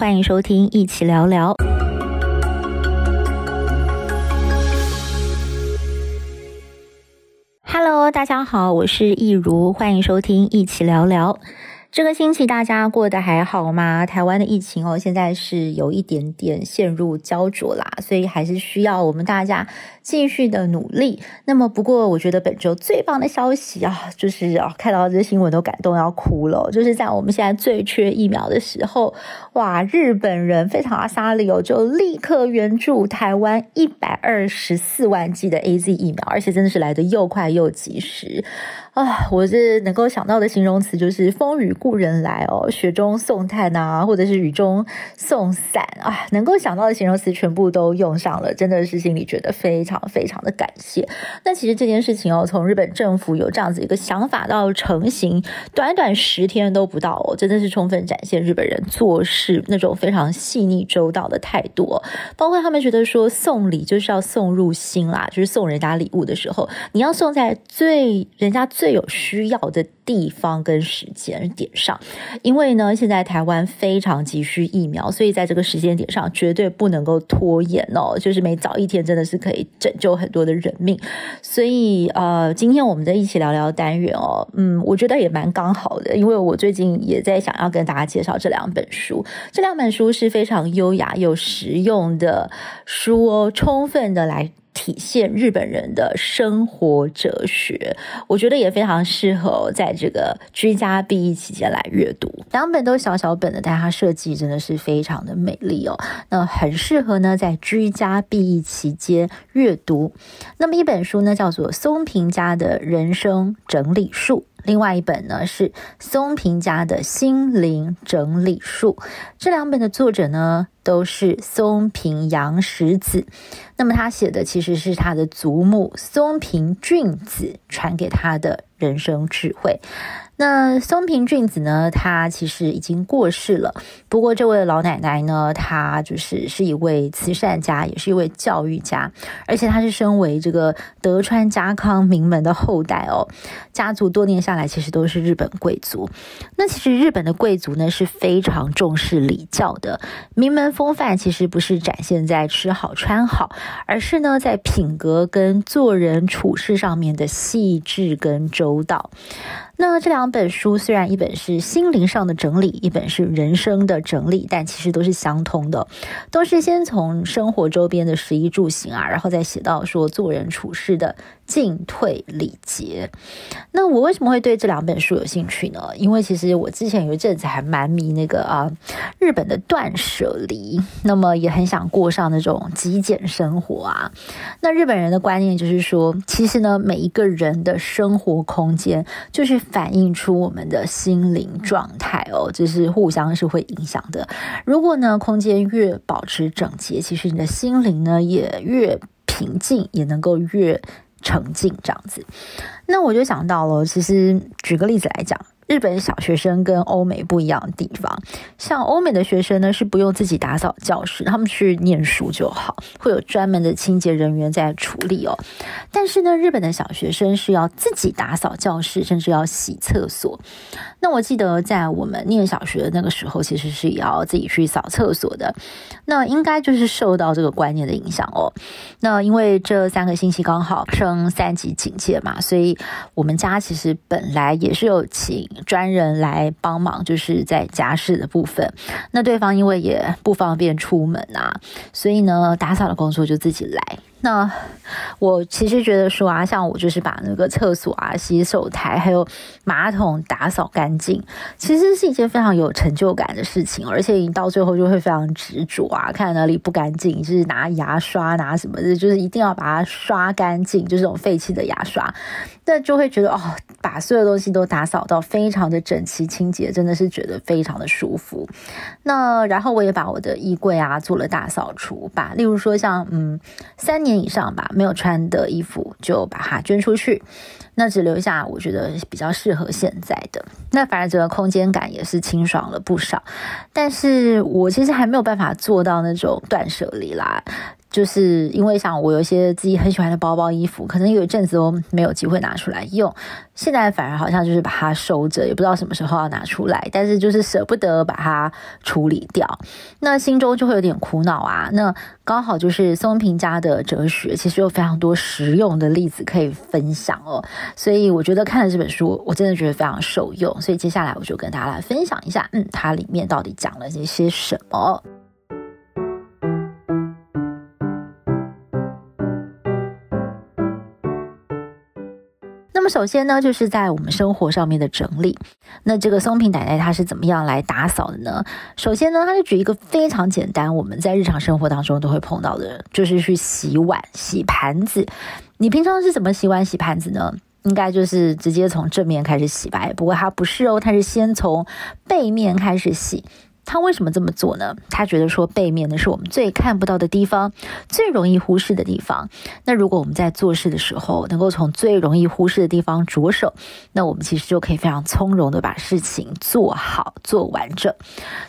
歡迎收聽《益起聊聊》。Hello，大家好，我是益如，歡迎收聽《益起聊聊》。這個星期大家過得還好嗎？台灣的疫情哦，現在是有一點點陷入焦灼啦，所以還是需要我們大家繼續的努力。那麼，不過我覺得本周最棒的消息啊，就是哦、啊，看到這新聞都感動要哭了、哦。就是在我們現在最缺疫苗的時候，哇，日本人非常阿莎力哦，就立刻援助台灣一百二十四萬劑的 AZ 疫苗，而且真的是來得又快又及時。啊，我是能夠想到的形容詞就是“風雨故人來”哦，“雪中送炭”啊吶，或者是“雨中送傘”啊，能夠想到的形容詞全部都用上了，真的是心裡覺得非常非常的感謝。那其實這件事情哦，從日本政府有這樣子一個想法到成型，短短十天都不到哦，真的是充分展現日本人做事那種非常細膩周到的態度。包括他們覺得說送禮就是要送入心啦啊，就是送人家禮物的時候，你要送在最人家最。最有需要的。地方跟時間點上，因為呢，現在台灣非常急需疫苗，所以在這個時間點上絕對不能夠拖延哦。就是每早一天，真的是可以拯救很多的人命。所以，呃，今天我們在益起聊聊單元哦，嗯，我覺得也蠻剛好的，因為我最近也在想要跟大家介紹這兩本書。這兩本書是非常優雅又實用的書哦，充分的來體現日本人的生活哲學。我覺得也非常適合在。這個居家避疫期間來閱讀，兩本都小小本的，但它設計真的是非常的美麗哦。那很適合呢在居家避疫期間閱讀。那麼一本書呢叫做《松平家的人生整理術》。另外一本呢是《松平家的心靈整理術》，這兩本的作者呢都是松平洋史子，那麼他寫的其實是他的祖母松平俊子傳給他的人生智慧。那松平俊子呢，她其實已經過世了。不過這位老奶奶呢，她就是是一位慈善家，也是一位教育家，而且她是身為這個德川家康名門的後代哦。家族多年下來，其實都是日本貴族。那其實日本的貴族呢，是非常重視禮教的。名門風範其實不是展現在吃好穿好，而是呢在品格跟做人處事上面的細緻跟周到。那這兩本書雖然一本是心靈上的整理，一本是人生的整理，但其實都是相通的，都是先從生活周邊的食衣住行啊，然後再寫到說做人處事的進退禮節。那我為什麼會對這兩本書有興趣呢？因為其實我之前有一陣子還蠻迷那個啊，日本的斷捨離，那麼也很想過上那種極簡生活啊。那日本人的觀念就是說，其實呢，每一個人的生活空間就是反映出我們的心靈狀態哦，就是互相是會影響的。如果呢，空間越保持整潔，其實你的心靈呢也越平靜，也能夠越沉浸這樣子，那我就想到了，其實舉個例子來講。日本小學生跟歐美不一樣的地方，像歐美的學生呢是不用自己打掃教室，他們去念書就好，會有專門的清潔人員在處理哦。但是呢，日本的小學生是要自己打掃教室，甚至要洗廁所。那我記得在我們念小學的那個時候，其實是要自己去掃廁所的。那應該就是受到這個觀念的影響哦。那因為這三個星期剛好升三級警戒嘛，所以我們家其實本來也是有請。專人來幫忙，就是在家事的部分。那對方因為也不方便出門吶、啊，所以呢，打掃的工作就自己來。那我其實覺得說啊，像我就是把那個廁所啊、洗手台還有馬桶打掃乾淨，其實是一件非常有成就感的事情，而且你到最後就會非常執着啊，看哪裡不乾淨，就是拿牙刷拿什麼的，就是一定要把它刷乾淨，就是這種廢棄的牙刷，那就會覺得哦，把所有東西都打掃到非常的整齊清潔，真的是覺得非常的舒服。那然後我也把我的衣櫃啊做了大掃除吧，例如說像嗯三年，年以上吧，沒有穿的衣服就把它捐出去。那只留下我覺得比較適合現在的，那反而整個空間感也是清爽了不少。但是我其實還沒有辦法做到那種斷捨離啦，就是因為像我有一些自己很喜歡的包包、衣服，可能有一陣子都沒有機會拿出來用，現在反而好像就是把它收着，也不知道什麼時候要拿出來，但是就是捨不得把它處理掉，那心中就會有點苦惱啊。那剛好就是松平家的哲學，其實有非常多實用的例子可以分享哦。所以我覺得看了這本書，我真的覺得非常受用。所以接下來我就跟大家來分享一下，嗯，它裡面到底講了一些什麼。嗯、那麼首先呢，就是在我們生活上面的整理。那這個松平奶奶她是怎麼樣來打掃的呢？首先呢，她就舉一個非常簡單，我們在日常生活當中都會碰到的人，就是去洗碗、洗盤子。你平常是怎麼洗碗、洗盤子呢？應該就是直接從正面開始洗吧，不過它不是哦，它是先從背面開始洗。他為什麼這麼做呢？他覺得說，背面呢是我們最看不到的地方，最容易忽視的地方。那如果我們在做事的時候，能夠從最容易忽視的地方着手，那我們其實就可以非常從容的把事情做好、做完整。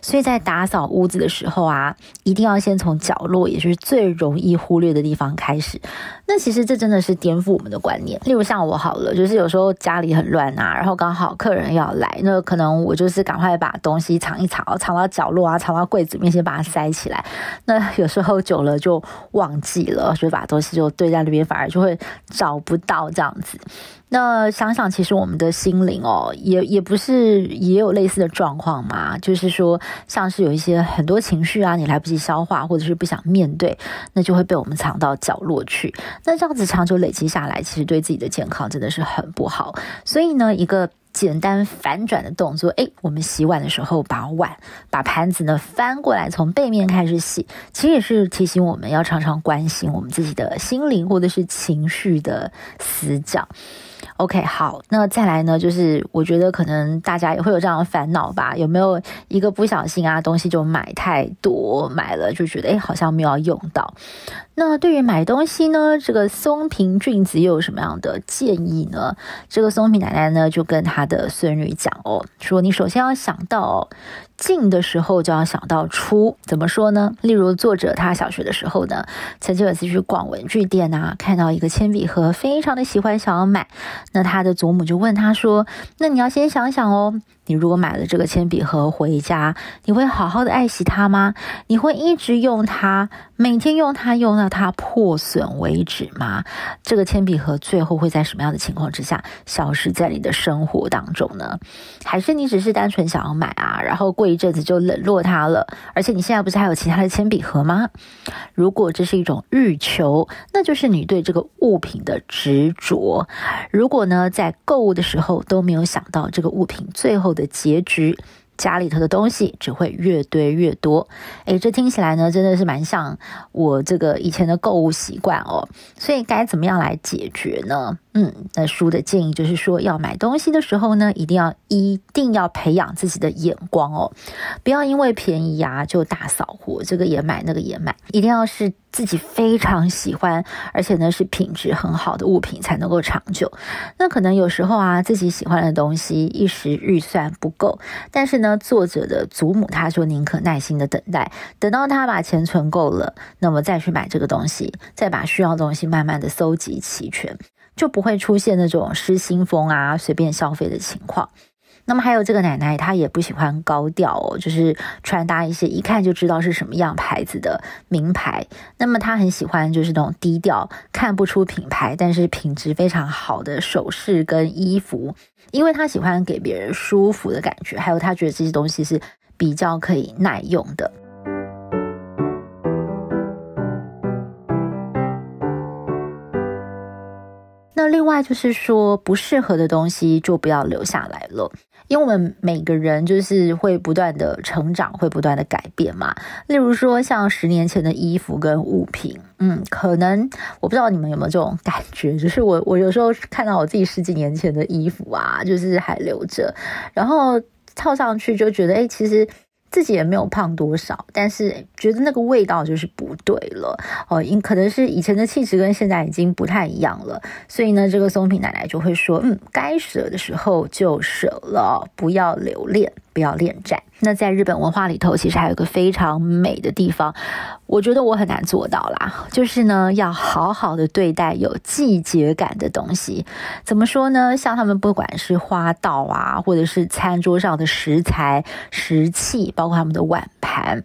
所以在打掃屋子的時候啊，一定要先從角落，也就是最容易忽略的地方開始。那其實這真的是顛覆我們的觀念。例如像我好了，就是有時候家裡很亂啊，然後剛好客人要來，那可能我就是趕快把東西藏一藏，藏到。角落啊，藏到櫃子裡面先把它塞起來。那有時候久了就忘記了，所以把東西就堆在那邊，反而就會找不到這樣子。那想想，其實我們的心靈哦，也也不是也有類似的狀況嘛。就是說，像是有一些很多情緒啊，你來不及消化，或者是不想面對，那就會被我們藏到角落去。那這樣子長久累積下來，其實對自己的健康真的是很不好。所以呢，一個。簡單反轉的動作，誒，我們洗碗的時候，把碗、把盤子呢翻過來，從背面開始洗，其實也是提醒我們要常常關心我們自己的心靈或者是情緒的死角。OK，好，那再來呢？就是我覺得可能大家也會有這樣的煩惱吧？有沒有一個不小心啊，東西就買太多，買了就覺得誒好像沒有用到。那對於買東西呢，這個松平俊子又有什麼樣的建議呢？這個松平奶奶呢就跟她的孫女講哦，說你首先要想到哦。進的時候就要想到出，怎麼說呢？例如作者他小學的時候呢，曾經有一次去逛文具店吶、啊、看到一個鉛筆盒，非常的喜歡，想要買。那他的祖母就問他說：“那你要先想想哦。”你如果買了這個鉛筆盒回家，你會好好的愛惜它嗎？你會一直用它，每天用它，用到它破損為止嗎？這個鉛筆盒最後會在什麼樣的情況之下消失在你的生活當中呢？還是你只是單純想要買啊，然後過一陣子就冷落它了？而且你現在不是還有其他的鉛筆盒嗎？如果這是一種欲求，那就是你對這個物品的執着。如果呢，在購物的時候都沒有想到這個物品最後。的結局，家裡頭的東西只會越堆越多。誒，這聽起來呢，真的是蠻像我這個以前的購物習慣哦。所以，該怎麼樣來解決呢？嗯，那書的建議就是說，要買東西的時候呢，一定要一定要培養自己的眼光哦，不要因為便宜啊就大掃貨，這個也買，那個也買，一定要是自己非常喜歡，而且呢是品質很好的物品才能夠長久。那可能有時候啊，自己喜歡的東西一時預算不夠，但是呢，作者的祖母她說寧可耐心的等待，等到她把錢存夠了，那麼再去買這個東西，再把需要的東西慢慢的蒐集齊全。就不會出現那種失心瘋啊，隨便消費的情況。那麼還有這個奶奶，她也不喜歡高調哦，就是穿搭一些一看就知道是什麼樣牌子的名牌。那麼她很喜歡就是那種低調，看不出品牌，但是品質非常好的首飾跟衣服，因為她喜歡給別人舒服的感覺，還有她覺得這些東西是比較可以耐用的。那另外就是說，不適合的東西就不要留下來了，因為我們每個人就是會不斷的成長，會不斷的改變嘛。例如說，像十年前的衣服跟物品，嗯，可能我不知道你們有沒有這種感覺，就是我我有時候看到我自己十幾年前的衣服啊，就是還留着，然後套上去就覺得，誒，其實。自己也沒有胖多少，但是覺得那個味道就是不對了哦，因，可能是以前的氣質跟現在已經不太一樣了，所以呢，這個松平奶奶就會說，嗯，該捨的時候就捨了，不要留戀。要戀戰。那在日本文化裡頭，其實還有個非常美的地方，我覺得我很難做到啦。就是呢，要好好的對待有季節感的東西。怎麼說呢？像他們不管是花道啊，或者是餐桌上的食材、食器，包括他們的碗盤。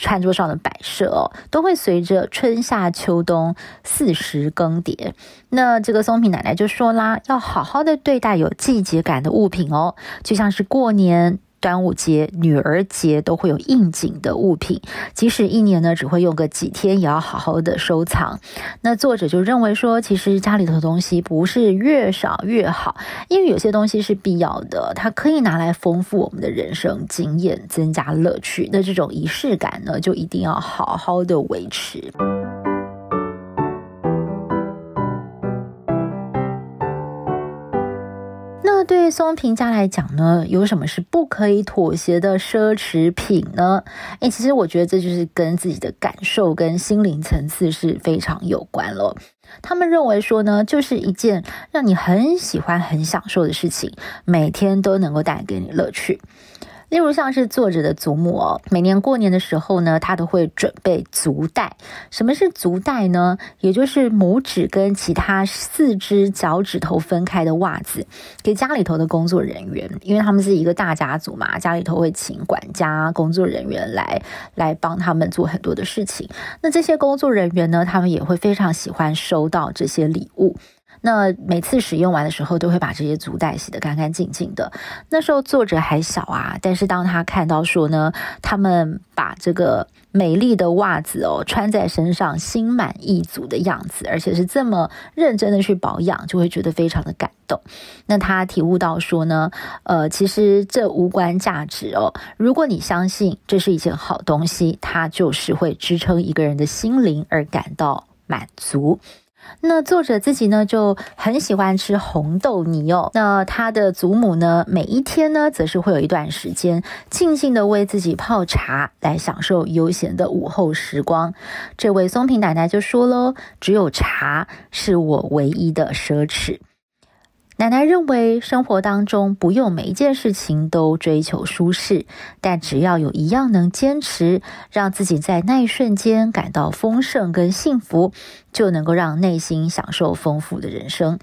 餐桌上的擺設哦，都會隨着春夏秋冬四時更迭。那這個松平奶奶就說啦，要好好的對待有季節感的物品哦，就像是過年、端午節、女兒節都會有應景的物品，即使一年呢只會用個幾天，也要好好的收藏。那作者就認為說，其實家裡頭的東西不是越少越好，因為有些東西是必要的，它可以拿來豐富我們的人生經驗，增加樂趣。那這種儀式感，就一定要好好的維持。那對於松平家來講呢，有什麼是不可以妥協的奢侈品呢？欸，其實我覺得這就是跟自己的感受、跟心靈層次是非常有關咯。他們認為說呢，就是一件讓你很喜歡、很享受的事情，每天都能夠帶給你樂趣。例如像是作者的祖母哦，每年過年的時候呢，她都會準備足袋。什麼是足袋呢？也就是拇指跟其他四隻腳趾頭分開的襪子，給家裡頭的工作人員，因為他們是一個大家族嘛，家裡頭會請管家工作人員來來幫他們做很多的事情。那這些工作人員呢，他們也會非常喜歡收到這些禮物。那每次使用完的時候，都會把這些足袋洗得乾乾淨淨的。那時候作者還小啊，但是當他看到說呢，他們把這個美麗的襪子，哦穿在身上，心滿意足的樣子，而且是這麼認真的去保養，就會覺得非常的感動。那他體悟到說呢，呃，其實這無關價值哦。如果你相信這是一件好東西，它就是會支撐一個人的心靈而感到滿足。那作者自己呢，就很喜歡吃紅豆泥哦。那他的祖母呢，每一天呢，則是會有一段時間，靜靜的為自己泡茶，來享受悠閒的午後時光。這位松平奶奶就說嘍、哦：“只有茶是我唯一的奢侈。”奶奶認為，生活當中不用每一件事情都追求舒適，但只要有一樣能堅持，讓自己在那一瞬間感到豐盛跟幸福，就能夠讓內心享受豐富的人生。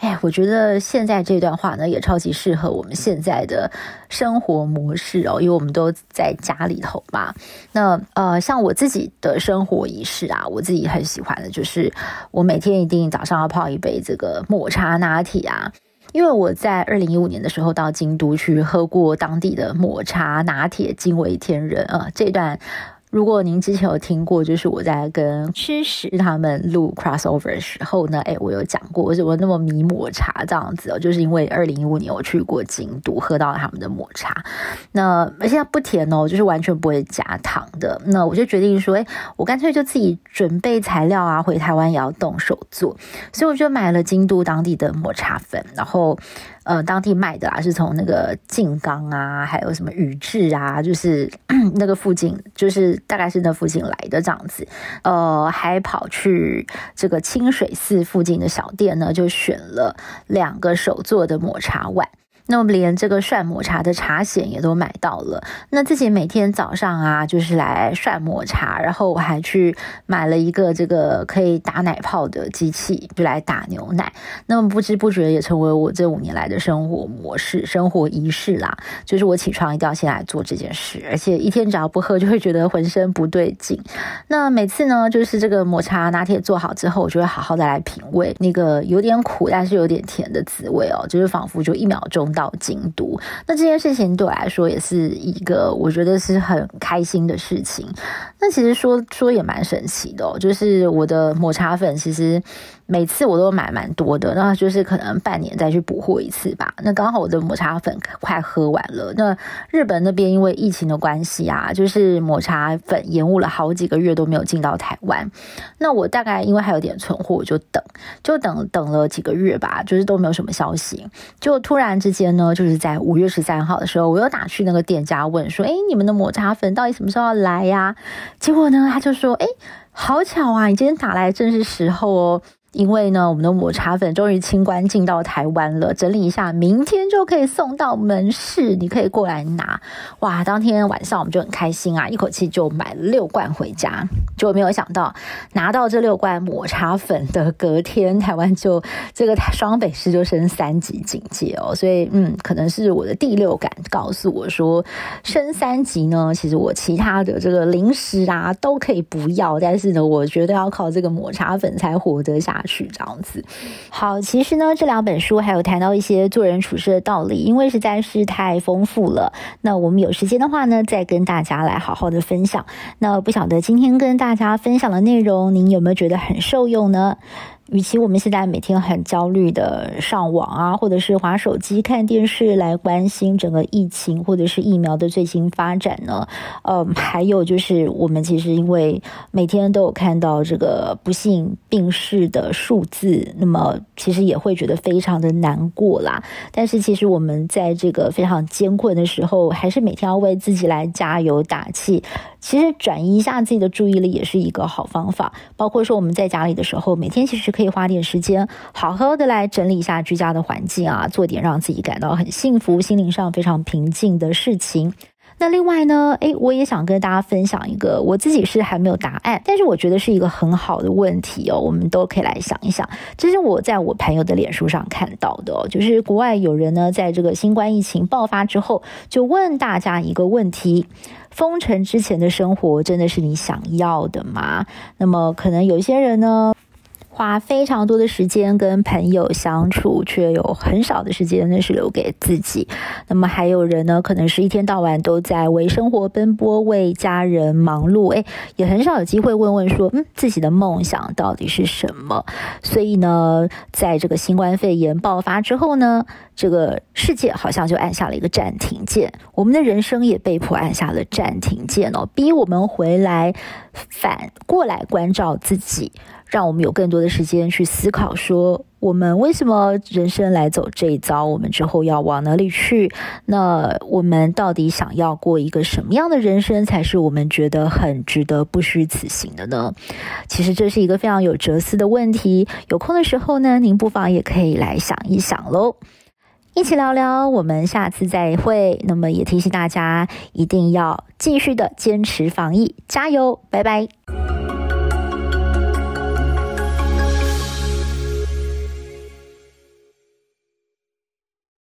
哎，我覺得現在這段話呢，也超級適合我們現在的生活模式哦，因為我們都在家裡頭嘛。那呃，像我自己的生活儀式啊，我自己很喜歡的就是我每天一定早上要泡一杯這個抹茶拿鐵啊，因為我在二零一五年的時候到京都去喝過當地的抹茶拿鐵，驚為天人啊，呃，這段。如果您之前有聽過，就是我在跟吃食他們錄 crossover 的時候呢，哎，我有講過我怎麼那麼迷抹茶這樣子哦，就是因為二零一五年我去過京都，喝到了他們的抹茶，那而且它不甜哦，就是完全不會加糖的。那我就決定說，哎，我乾脆就自己準備材料啊，回台灣也要動手做，所以我就買了京都當地的抹茶粉，然後呃，當地賣的啊，是從那個靜岡啊，還有什麼宇治啊，就是 那個附近，就是。大概是那附近來的這樣子，呃，還跑去這個清水寺附近的小店呢，就選了兩個手做的抹茶碗。那麼連這個涮抹茶的茶筅也都買到了。那自己每天早上啊，就是來涮抹茶，然後我還去買了一個這個可以打奶泡的機器，就來打牛奶。那麼不知不覺也成為我這五年來的生活模式、生活儀式啦。就是我起床一定要先來做這件事，而且一天只要不喝就會覺得渾身不對勁。那每次呢，就是這個抹茶拿鐵做好之後，我就會好好的來品味那個有點苦但是有點甜的滋味哦，就是仿佛就一秒鐘。到京都，那這件事情對我來說也是一個我覺得是很開心的事情。那其實說說也蠻神奇的哦，就是我的抹茶粉其實每次我都買蠻多的，那就是可能半年再去補貨一次吧。那剛好我的抹茶粉快喝完了，那日本那邊因為疫情的關係啊，就是抹茶粉延誤了好幾個月都沒有進到台灣。那我大概因為還有點存貨，我就等，就等等了幾個月吧，就是都沒有什麼消息，就突然之間。呢，就是在五月十三號的時候，我又打去那個店家問說：“哎，你們的抹茶粉到底什麼時候要來呀？”結果呢，他就說：“哎，好巧啊，你今天打來正是時候哦。”因為呢，我們的抹茶粉終於清關進到台灣了，整理一下，明天就可以送到門市，你可以過來拿。哇，當天晚上我們就很開心啊，一口氣就買了六罐回家，就沒有想到拿到這六罐抹茶粉的隔天，台灣就這個雙北市就升三級警戒哦，所以嗯，可能是我的第六感告訴我說升三級呢，其實我其他的這個零食啊都可以不要，但是呢，我覺得要靠這個抹茶粉才活得下。是這樣子，好，其實呢，這兩本書還有談到一些做人處事的道理，因為實在是太豐富了。那我們有時間的話呢，再跟大家來好好的分享。那不曉得今天跟大家分享的內容，您有沒有覺得很受用呢？與其我們現在每天很焦慮的上網啊，或者是滑手機、看電視來關心整個疫情或者是疫苗的最新發展呢，嗯，還有就是我們其實因為每天都有看到這個不幸病逝的數字，那麼其實也會覺得非常的難過啦。但是其實我們在這個非常艱困的時候，還是每天要為自己來加油打氣。其實轉移一下自己的注意力也是一個好方法，包括說我們在家裡的時候，每天其實。可以花點時間，好好的來整理一下居家的環境啊，做點讓自己感到很幸福、心靈上非常平靜的事情。那另外呢，誒，我也想跟大家分享一個，我自己是還沒有答案，但是我覺得是一個很好的問題哦，我們都可以來想一想。這是我在我朋友的臉書上看到的哦，就是國外有人呢，在這個新冠疫情爆發之後，就問大家一個問題：封城之前的生活真的是你想要的嗎？那麼可能有些人呢，花非常多的時間跟朋友相處，卻有很少的時間那是留給自己。那麼還有人呢，可能是一天到晚都在為生活奔波，為家人忙碌，誒，也很少有機會問問說，嗯，自己的夢想到底是什麼？所以呢，在這個新冠肺炎爆發之後呢，這個世界好像就按下了一個暫停鍵，我們的人生也被迫按下了暫停鍵哦，逼我們回來，反過來關照自己。讓我們有更多的時間去思考：說我們為什麼人生來走這一遭？我們之後要往哪裡去？那我們到底想要過一個什麼樣的人生，才是我們覺得很值得不虛此行的呢？其實這是一個非常有哲思的問題。有空的時候呢，您不妨也可以來想一想嘍。益起聊聊，我們下次再會。那麼也提醒大家，一定要繼續的堅持防疫，加油！拜拜。